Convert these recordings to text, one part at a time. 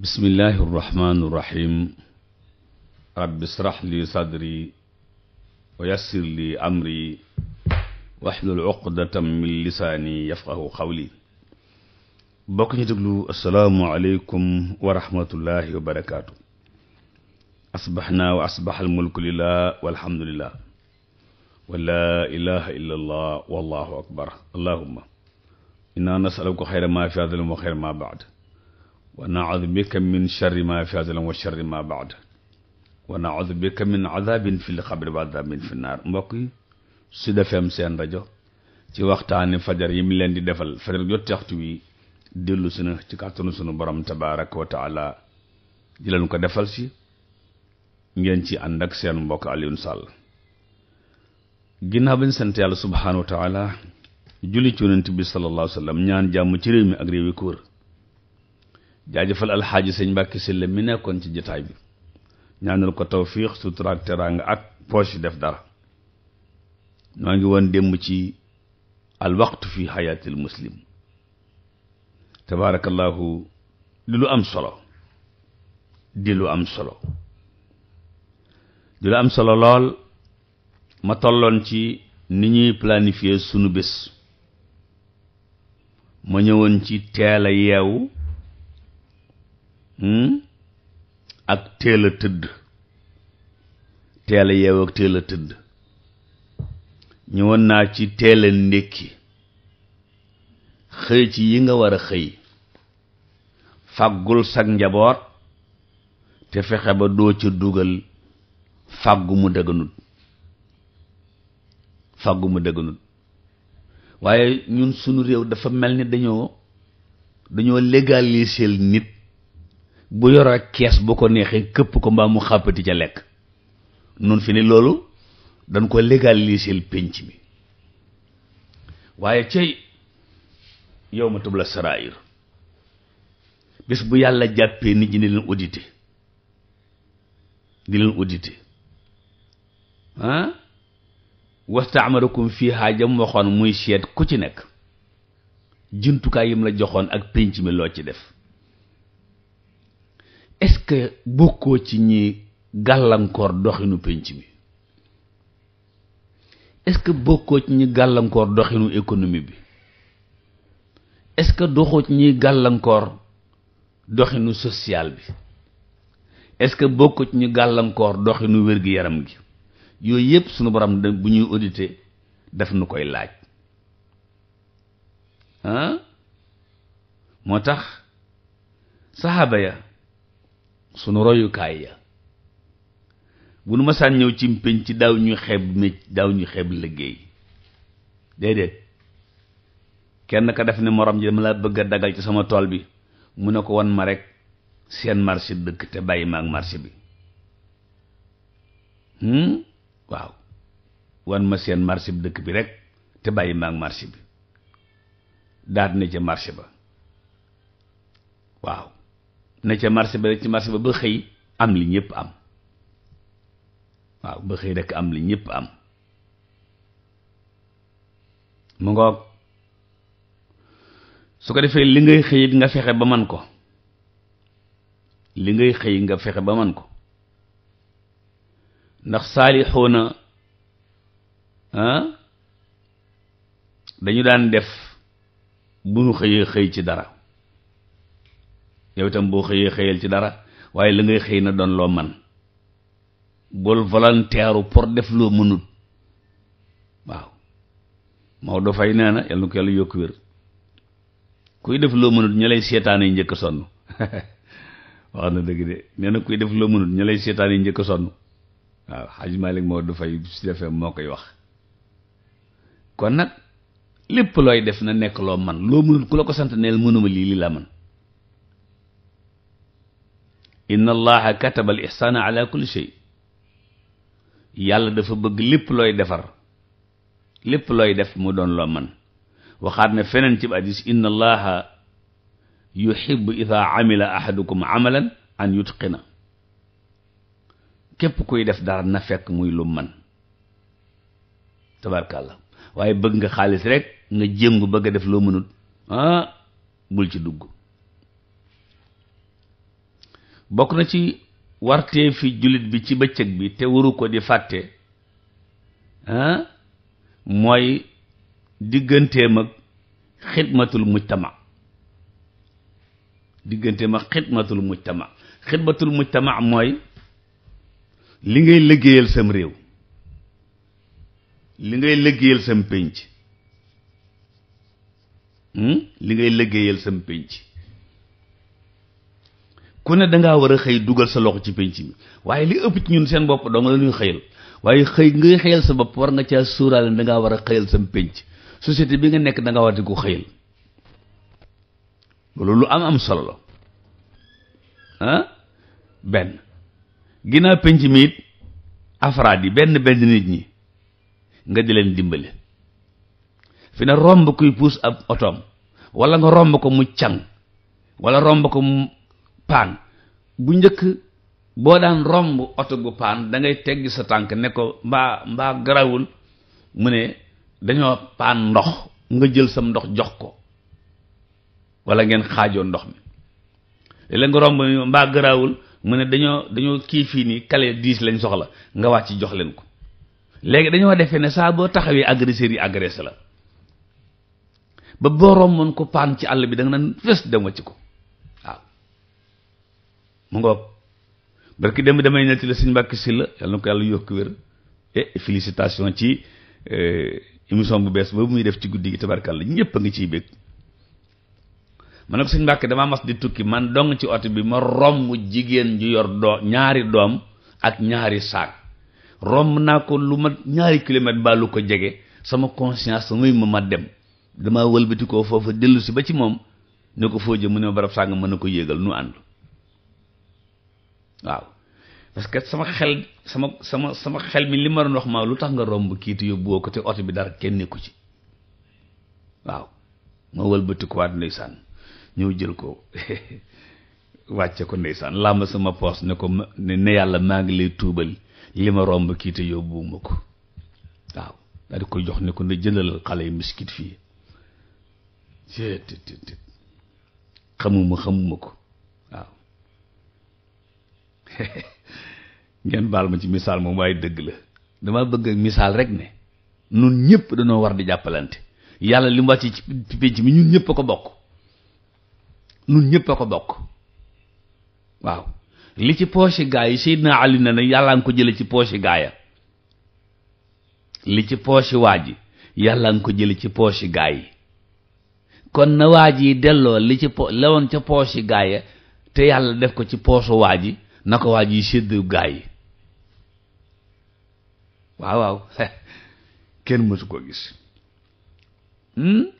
bismillahi irrahmani irrahim rabbi israh li sadri wa yassir li amri waxlul uqdatam min lisaani yafqahu qawli bokk ñu déglu assalaamu aleykum wa rahmatullahi wa barakaatu asbaxnaa wa asbaxal mulku lillah walhamdulillah wa laa ilaha illa allah wallahu akbar allahumma inna nasaluka xayra ma fi hadal wa xayra ma baad wa naudu bika min sharri ma fi haaza wa sharri ma baad wa naudu bika min adabin fi lxabri wa adabin fi naar mbokk yi Sud FM seen rajo ci waxtaani fajar yi mu leen di defal fajar jotti waxtu wi dellu sunu ci kàttanu sunu borom tabaraka wa taala di leen ko defal si ngeen ci ànd ak seen mbokk Alioune Sall ginnaaw bañ sant yàlla subhaanahu wa taala julli ci yonent bi sallallahu alayhi wa sallam ñaan jàmm ci réew mi ak réew yi ko wër jaajëfal alxaaji sëñ Mbàkke Sylla mi nekkoon ci jataay bi ñaanal ko tawfiix sutura ak teraanga ak poche def dara noo ngi woon démb ci alwaqtu fi xayaatil muslim tabaarakallaahu di lu am solo di lu am solo di lu am solo lool ma tolloon ci ni ñuy planifier sunu bés ma ñëwoon ci teel yeewu Hmm? ak teel tëdd teel a ak teel tëdd ñëwoon naa ci teela a ndékki xëy ci yi nga war a xëy fàggul sag njaboot te fexe ba doo ca dugal fàggu mu dëgganut fàggu mu dëgganut waaye ñun sunu réew dafa mel ni dañoo dañoo légaliser nit bu yor ak kees bu ko neexee këpp ko mbaa mu xàppati ca lekk noonu fi ne loolu dañ ko légaliser pénc mi waaye cey yow ma tub la sarair bés bu yàlla jàppee nit ñi di leen audité di leen audité ah wastaamarakum fiihaa jam waxoon muy seet ku ci nekk jumtukaay yim la joxoon ak pénc mi loo ci def est-ce que bokkoo ci ñi gàllankoor doxinu pénc bi est-ce que bokkoo ci ñi gàllankoor doxinu économie bi est-ce que doxoo ci gàllankoor doxinu social bi est-ce que bokkoo ci ñi gàllankoor doxinu wér-gi-yaram gi yooyu yëpp sunu borom da bu ñuy auditer daf nu koy laaj moo tax saxaaba ya sunu royukaay ya bu nu masaan ñëw ci mpénc ci daaw ñu xeeb mecc daaw ñu xeeb liggéey déedéet kenn ka def ne morom ji dama laa bëgg a dagal ci sama tool bi mu ne ko wan ma rek seen marché dëkk te bàyyi ma ak marché bi hmm? waaw wan ma seen marché bi dëkk bi rek te bàyyi ma ak marché bi daat na ca marché ba waaw na ca marché ba ci marché ba ba xëy am li ñëpp am waaw ba xëy rek am li ñëpp am mu ngoog su ko defee li ngay xëy nga fexe ba man ko li ngay xëy nga fexe ba man ko ndax saalixoona ah, dañu daan def bu ñu xëyee xëy ci dara yow itam boo xëyee xëyal ci dara waaye la ngay xëy na doon loo man bul volontaire pour def loo mënut waaw Maodo Faye nee na yàlla na ko yàlla yokk wér kuy def loo mënut ña lay seetaan yi njëkk sonn wax na dëgg na kuy def loo mënut ña lay seetaan yi sonn waaw Xaj Malik Maodo Faye si defee moo koy wax kon nag lépp looy def na nekk loo man loo mënut ku la ko sant neel mënuma lii lii laa man inna allaha kataba al ihsana ala kulli shay yàlla dafa bëgg lépp looy defar lépp looy def mu doon loo man waxaat ne feneen ci hadiis inna allaha yuhibbu idha amila ahadukum amalan an yutqina képp kuy def dara na fekk muy lu man tabarkàllah waaye bëgg nga xaalis rek nga jéngu bëgg a def loo mënut ah bul ci dugg bokk na ci wartee fi jullit bi ci bëccëg bi te waru ko di fàtte ah mooy digganteem ak xidmatul mujtama digganteem xidmatul mujtama mooy li ngay liggéeyal sam réew li ngay liggéeyal sam pénc hmm, li ngay liggéeyal sam pénc ku ne dangaa war a xëy dugal sa loxo ci penc mi waaye li ëpp ci ñun seen bopp dong la ñuy xëyal waaye xëy ngay xëyal sa bopp war nga caa suuraale da ngaa war a xëyal sam penc société bi nga nekk da nga war di ko xëyal loolu lu am am solo la ah benn ginnaaw penc mi it afraad yi benn benn nit ñi nga di leen dimbali fi ne romb kuy puus ab otoom wala nga romb ko mu càng wala romb ko mu paan bu njëkk boo daan romb oto bu paan da ngay teggi sa tànk ne ko mbaa mbaa garawul mu ne dañoo paan ndox nga jël sam ndox jox ko wala ngeen xaajoo ndox mi léeg-léeg nga romb mbaa garawul mu ne dañoo dañoo kii fii nii kale diis lañ soxla nga ci jox leen ko léegi dañoo defee ne saa boo taxawee agresseur yi agressé la ba boo romboon ko paan ci àll bi danga nga naan fës dem wàcc ko mu ngoog barki dem damay netti si sëñ Mbàkke la yàlla na ko yàlla yokk wér et félicitation ci euh, émission bu bees boobu muy def ci guddi gi la ñëpp a ngi ciy bég ma ne ko sëñ Mbàkke damaa mas di tukki man dong ci oto bi ma romb jigéen ju yor doo ñaari doom ak ñaari saak romb naa ko lu ma ñaari kilomètre ba lu ko jege sama conscience muy ma ma dem damaa wëlbati koo foofa dellu si ba ci moom ne ko foo jëm mu ne ma barab sàng mën na ko yéegal nu ànd waaw parce que sama xel sama sama sama xel mi li ma doon wax ma lu tax nga romb kiitu yóbbuwoo ko te oto bi dara kenn nekku ci waaw ma wëlbatikuwaat ndeysaan ñëw jël ko wàcce ko ndeysaan làmb sama poos ne ko ne yàlla maa ngi lay tuubal li ma romb kiitu yóbbuwuma ko waaw daal di jox ne ko na jëndalal xale yi miskit fii tt xamuma xamuma ko ngeen baal ma ci misaal moom waaye dëgg la dama bëgg ak misaal rek ne nun ñëpp dañoo war di jàppalante yàlla li mu wàcc ci pénc mi ñun ñëpp a ko bokk nun ñëpp a ko bokk waaw li ci poche gaa yi Seydina Ali na ne yàllaa nga ko jële ci poche gaaya li ci nga ko jële ci poche gaa yi kon na waa ji delloo li ci po lewoon ca poche gaaya te yàlla def ko ci poche waa ji na ko waa yi sédd gaa yi waaw waaw kenn mësu ko gis hmm?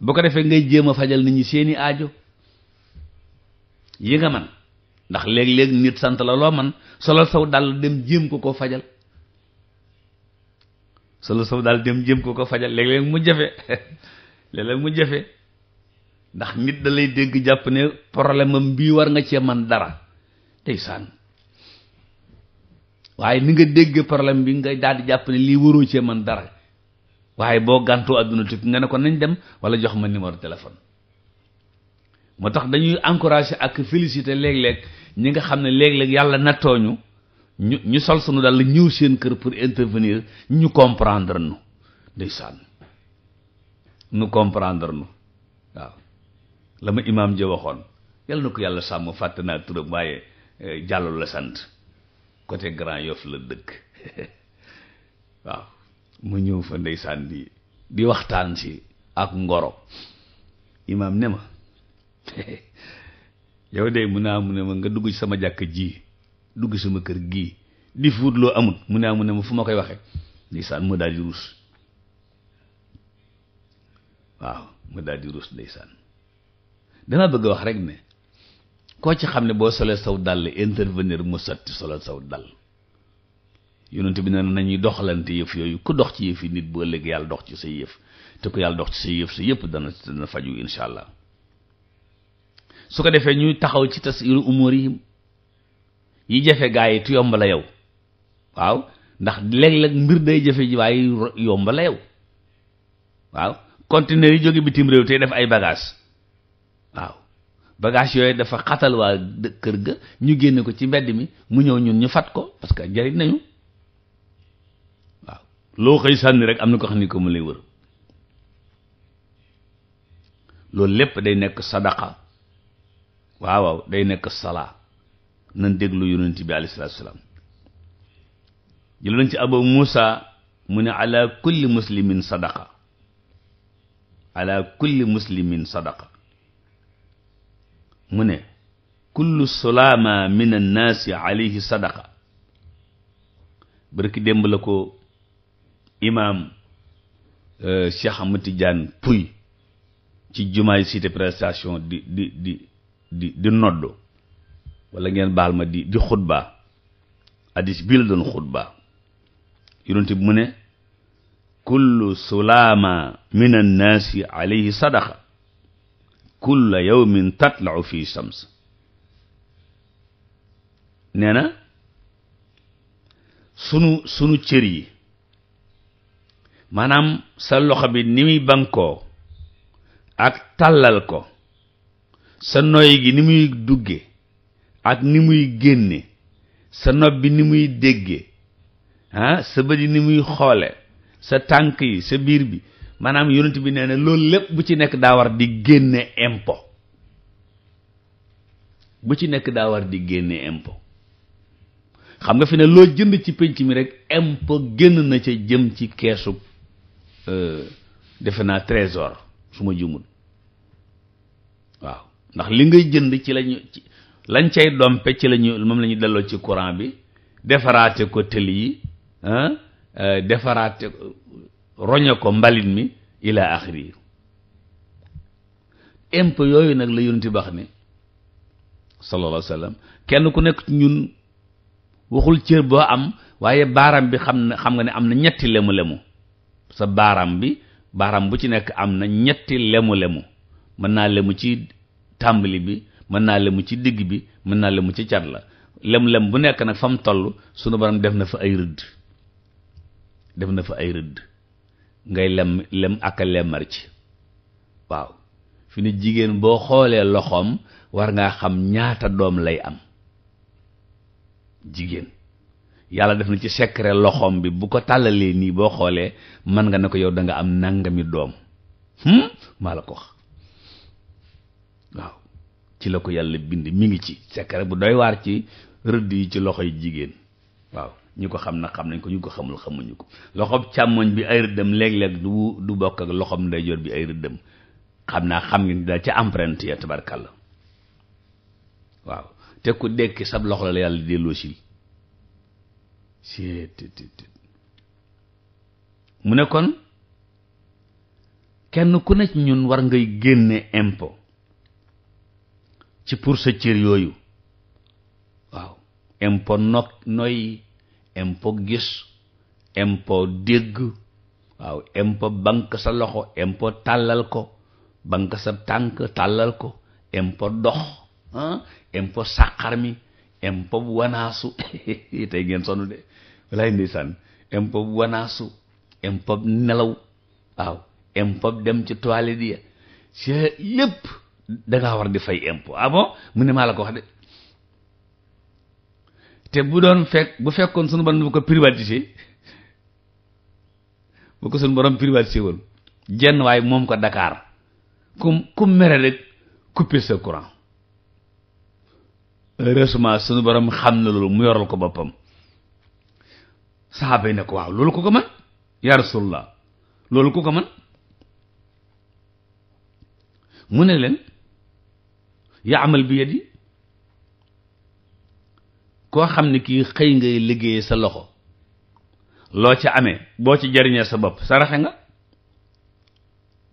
boo ko defee ngay jéem a fajal nit ñi seeni aajo yi nga man ndax léeg-léeg nit sant la loo man solo saw dal dem jéem ko ko fajal solo saw dal dem jéem ko ko fajal léeg-léeg mu jafe léeg-léeg mu jafe ndax nit dalay dégg jàpp ne problème am bii war nga cee man dara ndeysaan waaye ni nga dégg problème bi nga daal di jàpp ne lii waroo cee man dara waaye boo gàntoo àdduna tukki nga ne ko nañ dem wala jox ma numéro téléphone moo tax dañuy encourager ak féliciter léeg-léeg ñi nga xam ne léeg-léeg yàlla nattooñu ñu ñu sol sunu daal la ñëw seen kër pour intervenir ñu comprendre nu ndeysaan nu comprendre nu waaw la ma imaam ji waxoon yàlla na ko yàlla sàmm fàtte naa turam waaye Diallo eh, la sant côté Grand Yoff la dëkk waaw mu ñëw fa ndeysaan di di waxtaan si ak ngoro imaam ne ma yow de mun naa mu ne ma nga dugg ci sama jàkk ji dugg sama kër gii di fuut loo amul mu ne mu ne ma fu ma koy waxee ndeysaan mu dal di ruus waaw mu daal di ruus ndeysaan dama bëgg a wax rek ne koo ci xam ne boo solee saw dàll intervenir mu sotti solal saw dàll yonent bi na nañuy doxalante yëf yooyu ku dox ci yëf yi nit bu ëllëg yàlla dox ci sa yëf te ku yàlla dox ci sa yëf sa yëpp dana dana faju insha allah su ko defee ñuy taxaw ci tas iru umur yi yi jafe gaa yi tu yomb la yow waaw ndax léeg-léeg mbir day jafe ji waaye yomb la yow waaw conteneur yi jóge bitim réew tey def ay bagage waaw bagage yooyu dafa xatal waa kër ga ñu génne ko ci mbedd mi mu ñëw ñun ñu fat ko parce que jariñ nañu waaw loo xëy sànni rek am na ko xam ni ko mu lay wër loolu lépp day nekk sadaqa waaw waaw day nekk salaa nan déglu yonent bi alayhi salaatu salaam jël nañ ci abu muusa mu ne ala kulli muslimin sadaqa ala kulli muslimin sadaqa mu ne kullu sulaama min annaasi alayhi sadaqa bërki démb la ko imaam euh, Cheikh Ahmad Tidiane Pouy ci jumaay cité prestation di di di di di noddu wala ngeen baal ma di di xutba addis bii la doon xutba yonent bi mu ne kullu sulaama min annaasi alayhi sadaqa kulla yawmin tatlacu fii shams nee na sunu sunu cër yi maanaam sa loxo bi ni muy bankoo ak tàllal ko sa noy gi ni muy dugge ak ni muy génne sa nob bi ni muy dégge ah, sa bët ni muy xoole sa tànk yi sa biir bi maanaam yonent bi nee na loolu lépp bu ci nekk daa war di génne impo bu ci nekk daa war di génne impo xam nga fi ne loo jënd ci pénc mi rek impo génn na ca jëm ci keesu euh, defe naa trésor su ma jumul waaw ndax li ngay jënd ci lañu lañ cay dompe ci lañu moom lañuy delloo ci courant bi defaraate ko tël yi euh, defaraate roñe ko mbalit mi ila axiri impôt yooyu nag la yonent baax ne sallallahu alayhi kenn ku nekk ñun waxul cër boo am waaye baaraam bi xam na xam nga ne am na ñetti lemu-lemu sa baaraam bi baaraam bu ci nekk am na ñetti lemu-lemu mën naa lemu ci tàmbali bi mën naa lemu ci digg bi mën naa lemu ci cat la lem-lem bu nekk nag fa mu toll sunu borom def na fa ay rëdd def na fa ay rëdd ngay lem lem ak a ci waaw fi ne jigéen boo xoolee loxoom war ngaa xam ñaata doom lay am jigéen yàlla def na ci secret loxoom bi bu ko tàllalee nii boo xoolee mën nga ne ko yow danga nga am nangami doom hmm? maa la ko wax waaw ci la ko yàlla bind mu ngi ci secret bu doy waar ci rëdd yi ci loxoy jigéen waaw ñu ko xam na xam nañ ko ñu ko xamul xamuñu ko loxob càmmoñ bi ay rëddëm léeg-léeg du bokk ak loxob ndeyjoor bi ay rëddëm xam naa xam ngeen daal ca empreinte ya tabarkàlla waaw te ku dekki sab loxo la yàlla delloo si mu ne kon kenn ku ne ñun war ngay génne impôt ci pour sa cër yooyu waaw impôt nok noy impôt gis impôt dégg waaw impôt banque loxo impôt tàllal ko banque sa tànk tàllal ko impôt dox ah impôt sàqar mi impôt wanaasu tey ngeen sonu de walaay ndeysaan impôt wanaasu impôt nelaw waaw impôt dem ci toilette ya ci lépp war di fay impôt ah mu ne maa la ko wax te bu doon fekk bu fekkoon sunu borom bu ko privatisé bu ko sunu borom privatisé woon jenn waaye moom ko dakaar ku ku mere rek couper sa courant heureusement sunu baram xam na loolu mu yoral ko boppam saxaaba yi ne ko waaw loolu ku ko mën yaa Rasulullah loolu ku ko mën mu ne leen yaamal bi yadi koo xam ne kii xëy ngay liggéeye sa loxo loo ci amee boo ci jariñee sa bopp saraxe nga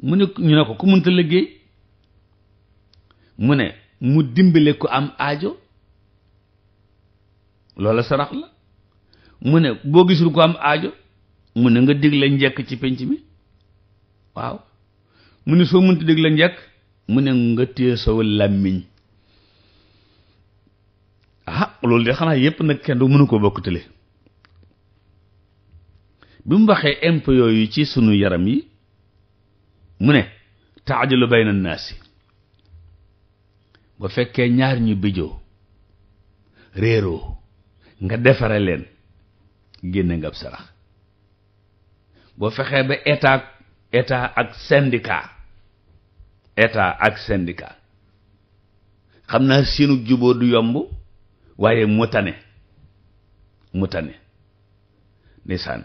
mu ne ñu ne ko ku munta liggéey mu ne mu dimbale ku am aajo loola sarax la mu ne boo gisul ku am aajo mu ne nga digle njekk ci penc mi waaw mu ne soo munta digle njekk mu ne nga téye saw làmmiñ loolu de xanaa yépp nag kenn du mënu ko bokk tële bi mu waxee imp yooyu ci sunu yaram yi mu ne taajalu bayna naasi boo fekkee ñaar ñu bijoo réeroo nga defare leen génne nga ab sarax boo fexee ba état état ak syndicat état ak syndicat xam naa seenu juboo du yomb waaye mu tane mu tane ndeysaan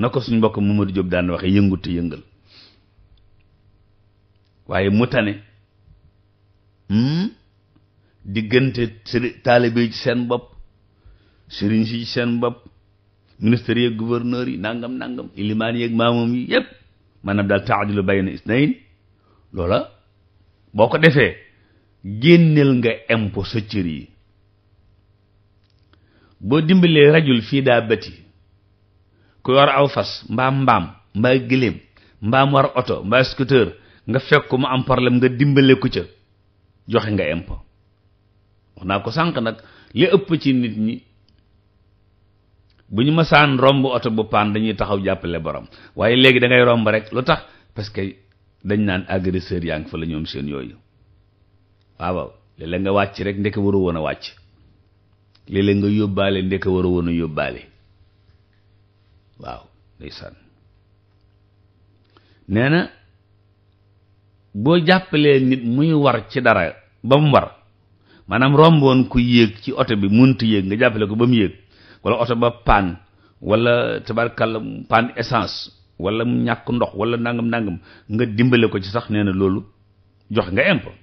na ko suñ mbokk Mamadou Diop daan waxee yëngu te yëngal waaye mu hmm? diggante sëri taalibe yi ci seen bopp sëriñ si seen bopp ministère yeeg gouverneur yi nangam nangam ilimaan yeeg maamoom yi yépp maanaam daal taadilu bayna isnayn loola boo ko defee génneel nga impôt sa cër yi boo dimbalee rajul fii daa bëti ku war aw fas mbaa mbaam mbaa gëléem mbaam war oto mbaa scooter nga fekk ko mu am problème nga dimbale ku ca joxe nga impôt wax naa ko sànq nag li ëpp ci nit ñi bu ñu masaan romb oto bu paan dañuy taxaw jàppale borom waaye léegi da romb rek lu tax parce que dañ naan agresseur yaa ngi fa la ñoom seen yooyu waaw léeg-léeg nga wàcc rek war a woon a wàcc léeg-léeg nga yóbbaale war a woon a yóbbaale waaw ndeysaan nee na boo jàppalee nit muy war ci dara ba mu war maanaam romboon ku yéeg ci oto bi mënut yéeg nga jàppale ko ba mu yéeg wala oto ba paan wala tabarkalla paan essence wala ñàkk ndox wala nangam nangam nga dimbale ko ci sax nee na loolu jox nga impôt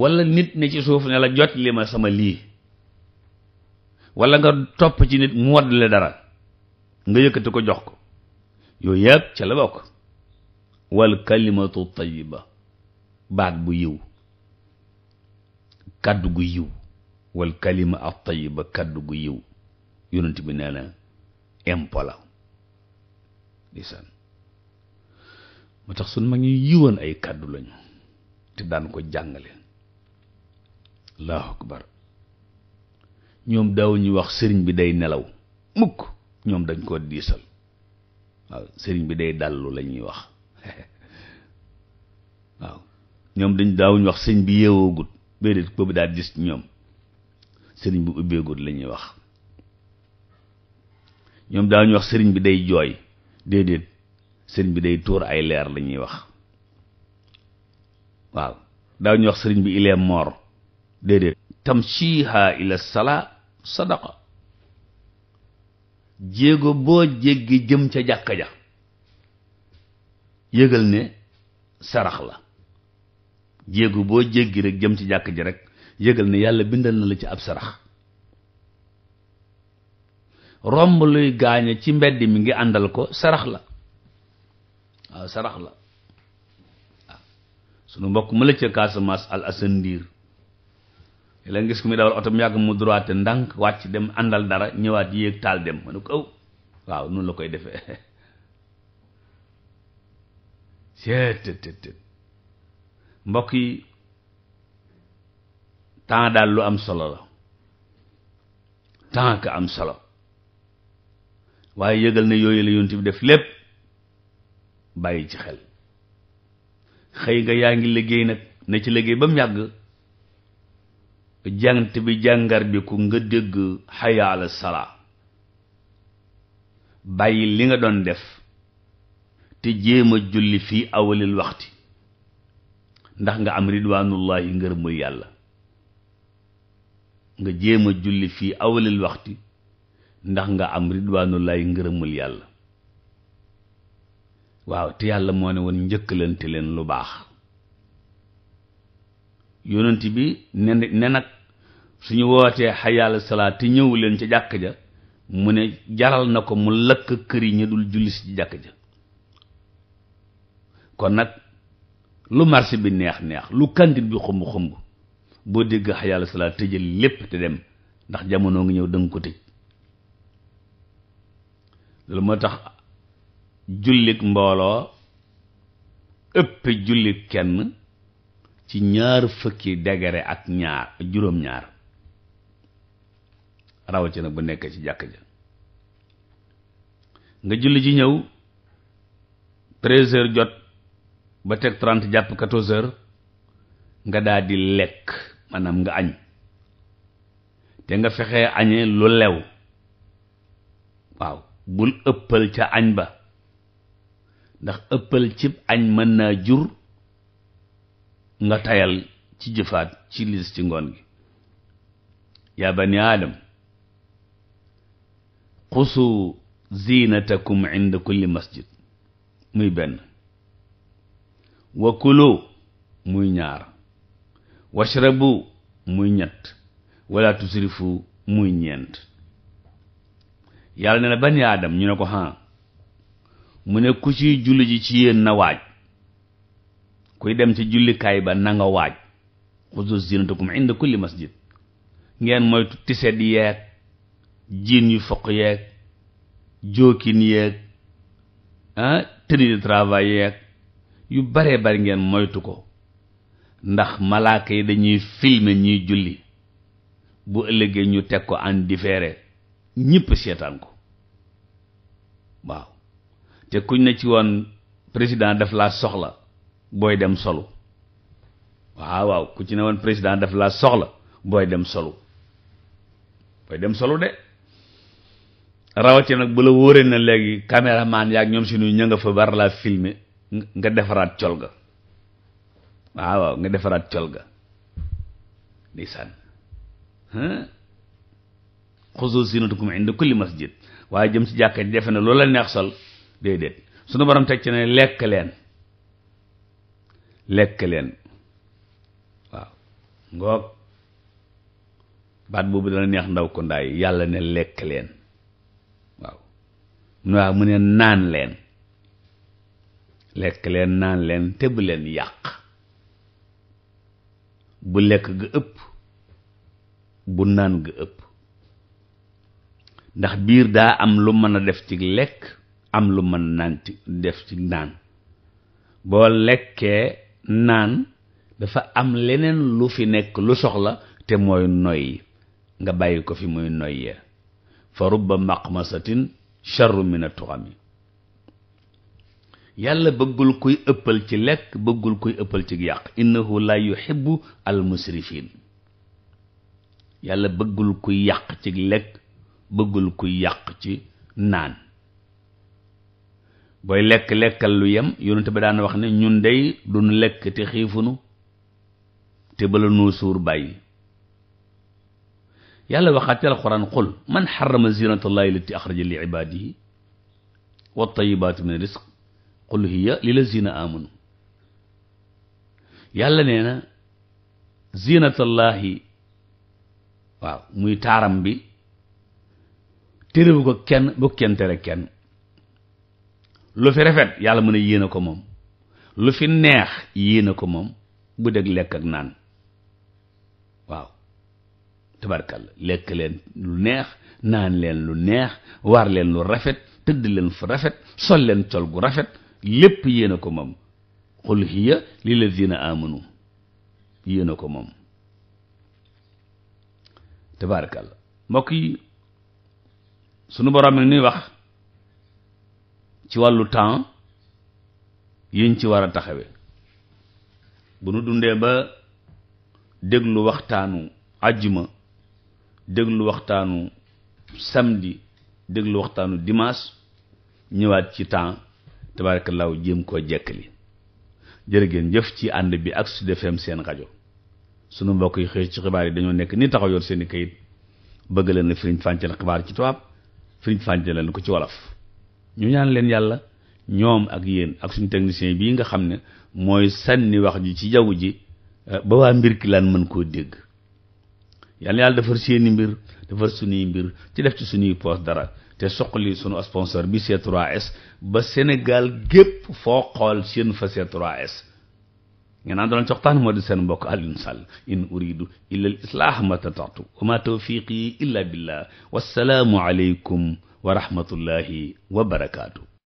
wala nit ne ci suuf ne la jot li ma sama lii wala nga topp ci nit mu wadd dara nga yëkkati ko jox ko yooyu yëpp ca la bokk wal kalimatu tayiba baat bu yiw kaddu gu yiw wal gu yiw yonent bi nee na moo tax sun mag ñu yiwoon ay kàddu lañu te daan ko jàngale allahu akbar ñoom daawuñu wax sëriñ bi day nelaw mukk ñoom dañ koo diisal waaw sëriñ bi day dallu lañuy wax waaw ñoom dañ daawuñu wax sëriñ bi yeewoogut déedéet boobu ñoom sëriñ bi ubbeegut la ñuy wax ñoom daawuñu wax sëriñ bi day jooy déedéet sëriñ bi day tuur ay leer la ñuy wax waaw daawuñu wax sëriñ bi il est déedéet tamshiha ila salaa sadaqa jéego boo jéggi jëm ca jàkka ja yëgal ne sarax la jéego boo jéggi rek jëm ci jàkk ji rek yëgal ne yàlla bindal na la ci ab sarax romb luy gaañe ci mbedd mi ngi àndal ko sarax la waaw sarax la waaw sunu mbokk ma la ca Casamance al asandiir la nga gis ku muy dawal oto mu yàgg mu droite ndànk wàcc dem àndal dara ñëwaat yéeg taal dem ma ne ko ëw oh, waaw noonu la koy defee seet mbokk yi temps daal lu am solo la temps ka am solo waaye yëgal na yooyu la yonent bi def lépp bàyyi ci xel xëy nga yaa ngi liggéey nag na ci liggéey ba mu yàgg jant bi jàngar bi ku nga dégg xaya ala salaa bàyyi li nga doon def te jéema a julli fii awalil waxti ndax nga am ridwaanullahi ngërëmul yàlla nga jéema julli fii awalil waxti ndax nga am ridwaanullahi ngërëmul yàlla waaw te yàlla moo ne woon njëkkalante leen lu baax yonent bi ne ne suñu wootee xayaala salaat te ñëw leen ca jàkk ja mu ne jaral na ko mu lakk kër yi ñu dul julli ci jàkk ja kon nag lu marché bi neex-neex lu cantine bi xumb-xumb boo dégg xayaala salaat tëjal lépp te dem ndax jamono ngi ñëw danga ko tëj loolu moo tax jullik mbooloo ëpp jullik kenn ci ñaar fukki degré ak ñaar juróom-ñaar rawatina bu nekkee ci jàkk ja nga julli ci ñëw treize jot ba teg trente jàpp quatorze nga daal di lekk maanaam nga añ te nga fexee añee lu lew waaw bul ëppal ca añ ba ndax ëppal cib añ mën naa jur nga tayal ci jëfaat ci lis ci ngoon gi yaa bani aadam xusu zinatakum inda kulli masjid muy benn wa muy ñaar washrabu muy ñett wala tusrifu muy ñeent yàlla ne na bani aadam ñu ne ko ha mu ne ku ci julli ji ci yéen na waaj kuy dem ci jullikaay ba na nga waaj xusu zinatakum inda kulli masjid ngeen moytu tiset yeeg jiin yu foq yeeg jookin yeeg ah tenue de travail yu baree bari ngeen moytu ko ndax malaaka yi dañuy filmer ñuy julli bu ëllëgee ñu teg ko en différé ñëpp seetaan ko waaw te kuñ na ci woon président daf laa soxla booy dem solu waaw waaw ku ci ne woon président daf laa soxla booy dem solu booy dem solu de rawatina nag bu la wóoree na léegi caméraman yaag ñoom suñu ña nga fa war laa nga defaraat col ga waaw waaw nga defaraat col ga ndeysaan xuzu zinatakum inda kulli masjid waaye jëm ci jàkka ji defe na loolu la neex sol déedéet sunu borom teg ci ne lekk leen lekk leen waaw ngoog baat boobu dana neex ndaw ko ndaay yàlla ne lekk leen waaw mu ne naan leen lekk leen naan leen te bu leen yàq bu lekk ga ëpp bu naan ga ëpp ndax biir daa am lu mën a def ci lekk am lu mën naan ci def ci naan boo lekkee naan dafa am leneen lu fi nekk lu soxla te mooy noyyi nga bàyyi ko fi muy noyyee fa rubba maqmasatin charru min a tuxami yàlla bëggul kuy ëppal ci lekk bëggul kuy ëppal ci yàq innahu la yuhibbu al musrifin yàlla bëggul kuy yàq ci lekk bëggul kuy yàq ci naan booy lekk lekkal lu yem yonent bi daan wax ne ñun dey duñ lekk te xiifunu te bala noo suur bàyyi yàlla waxaat ci alxuraan qul man xarama zinatallahi lati axraja li ibaadihi wa tayibaati min risq qul hiya lilazina amanu yàlla nee na zinatallahi waaw muy taaram bi téréwu ko kenn bu kenn tere kenn lu fi rafet yàlla mën a yéene ko moom lu fi neex yéene ko moom bu deg lekk ak naan waaw tabarkalla lekk leen lu neex naan leen lu neex war leen lu rafet tëdd leen fu rafet sol leen col gu rafet lépp yéen ko moom qul hiya lilladina amanu yéen a ko moom tabarkalla mbokk yi sunu borom ni nuy wax ci wàllu temps yiñ ci war a taxawe bu nu dundee ba déglu waxtaanu àjjuma déglu waxtaanu samedi déglu waxtaanu dimaas ñëwaat ci temps tabaarakallaahu jéem koo jekkali jërë geen jëf ci ànd bi ak Sud FM seen rajo sunu mbokk yi xëy ci xibaar yi dañoo nekk ni taxaw yor seen i kayit bëgg leen firiñ fàncal xibaar ci tubaab firiñ fàncal leen ko ci wolof ñu ñaan leen yàlla ñoom ak yéen ak suñu technicien bii nga xam ne mooy sànni wax ji ci jaww ji ba waa mbir mën koo dégg yal na yàlla defar seeni mbir defar suñuy mbir ci def ci suñuy poos dara te soqali sunu sponsor bi C3S ba senegal gépp foo xool seen fa C3S ngeen naan doon coxtaan moo di seen mbokk Alioune Sall in uridu illa al islah ma tatatu wa ma tawfiqi illa billah wassalaamu aleykum wa rahmatullahi wa